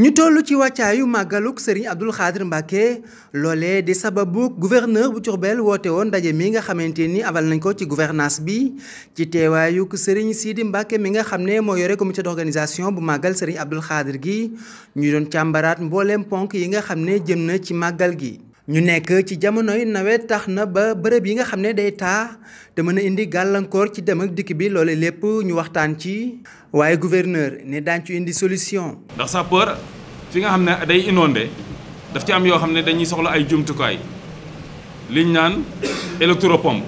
ñu toll ci wàccaayu màggaluk sëriñ Abdou Khadre Mbacke loole di sababu gouverneur bu Diourbel woote woon ndaje mi nga xamante ni abal nañ ko ci gouvernance bi ci teewaayuk sëriñ Sidi Mbacke mi nga xam ne moo yore comité d'organisation bu màggal sëriñ Abdou Khadre gi ñu doon càmbaraat mbooleem ponk yi nga xam ne jëm na ci màggal gi ñu nekk ci jamonoy nawet tax na ba bërëb yi nga xam ne day taa te mën a indi gàllankoor ci dem ak dikk bi loole lépp ñu waxtaan ci waaye gouverneur ne daañ ci indi solution. ndax sapeur fi nga xam ne day inondé daf ci am yoo xam ne dañuy soxla ay jumtukaay liñ naan électropompe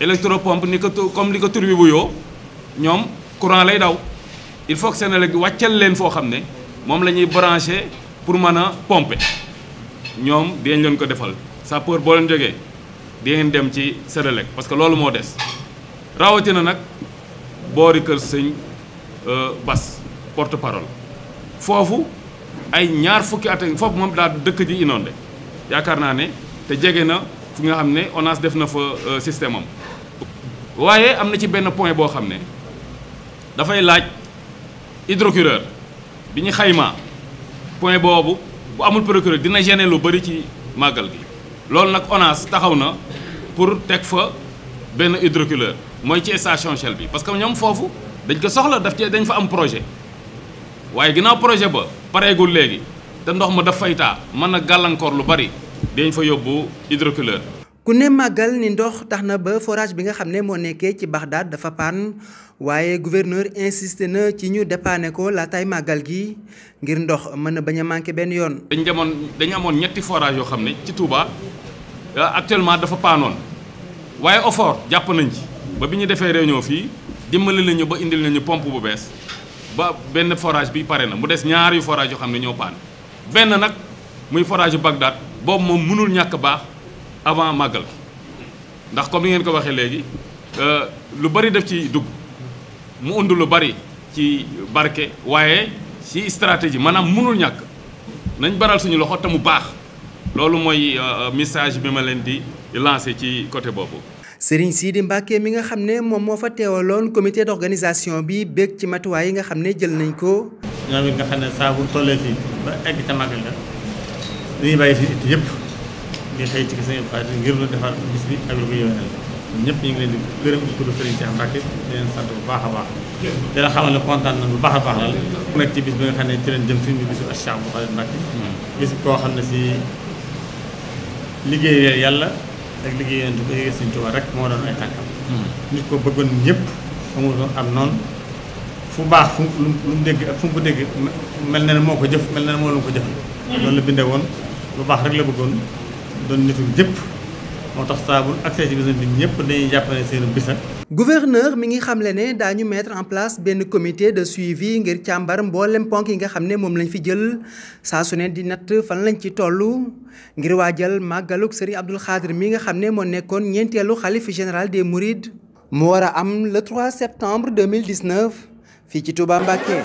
électropompe ni ko comme li ko tur bi wuyoo ñoom courant lay daw il faut seen Senelec wàccal leen foo xam ne moom la ñuy branché pour mën a pomper. ñoom dinañ leen ko defal sapeur boo leen jógee di ngeen dem ci Sédélec parce que loolu moo des rawatina nag boori kër sëñ euh, Bas porte parole foofu ay ñaar fukki at foofu moom daal dëkk di ji de yaakaar naa ne te jege na fi nga xam ne ONAS def na fa euh, système am. waaye am na ci benn point boo xam ne dafay laaj hydrocureur bi ñu xaymaa point boobu. bu amul procureur dina gêner lu bëri ci màggal gi loolu nag ONAS taxaw na pour teg fa benn hydroculeur mooy ci station Shell bi parce que ñoom foofu dañ ko soxla daf cee dañ fa am projet waaye ginnaaw projet ba pareegul léegi te ndox ma daf fay mën na gàllankoor lu bari dañ fa yóbbu hydroculeur ku ne màggal ni ndox tax na ba forage bi nga xam ne moo nekkee ci Bagdad dafa panne waaye gouverneur insisté na ci ñu dépanner ko laataay màggal gi ngir ndox mën na bañ a manqué benn yoon. dañ demoon dañu amoon ñetti forage yoo xam ne ci Touba euh, actuellement dafa paanoon waaye OFOR jàpp nañ ci ba bi ñu defee réunion fii dimbali nañu ba indil nañu pompe bu bees ba benn forage bi pare na mu des ñaari forage yoo xam ne ñoo paan benn nag muy forage yu Bagdad boobu moom mënul ñàkk baax. avant màggal ndax comme ni ngeen ko waxee léegi euh, lu bari daf ci dugg mu und lu bari ci barke waaye ci stratégie maanaam mënul ñàkk nañ baral suñu loxo te mu baax loolu mooy euh, message bi ma leen di lancé ci côté boobu. Serigne Sidi Mbacke mi nga xam ne moom moo fa teewaloon comité d'organisation bi bég ci matuwaay yi nga xam ne jël nañ ko. ñoom it nga xam ne saa bu tollee ba egg ca màggal la dañuy bàyyi fii yëpp. di xëy ci gis nañu Abdou Khadre ngir la defar bis bi ak lu ko yéwénal ñëpp ñu ngi leen di gërëm di tudd Serigne Cheikh Mbacke di leen sant bu baax a baax di la xamal ne kontaan na bu baax a baax la ku ci bis bi nga ne ci leen jëm suñu bisu Cheikh Abdou Khadre Mbacke bis koo xam ne si yàlla ak liggéey yonent rek moo doon ay tànkam hmm. nit ko bëggoon ñëpp amul am noonu fu baax fu lu mu dégg ak fu mu ko dégg mel na ne moo ko jëf mel na moo lu ko jëf hmm. loolu la bindee woon lu baax rek la bëggoon doon nitum jëpp moo tax saa bu ci bisa nit ñëpp dañuy jàppale seen bisa gouverneur mi ngi xamle ne daañu mettre en place benn comité de suivi ngir càmbar mboolem ponk yi nga xam ne moom lañ fi jël saa su ne di natt fan lañ ci tollu ngir waa waajal màggaluk Serigne Abdoul Khadr mi nga xam ne moo nekkoon ñeenteelu xalif général des Mourides mu war a am le 3 septembre 2019 fii ci Touba Mbacké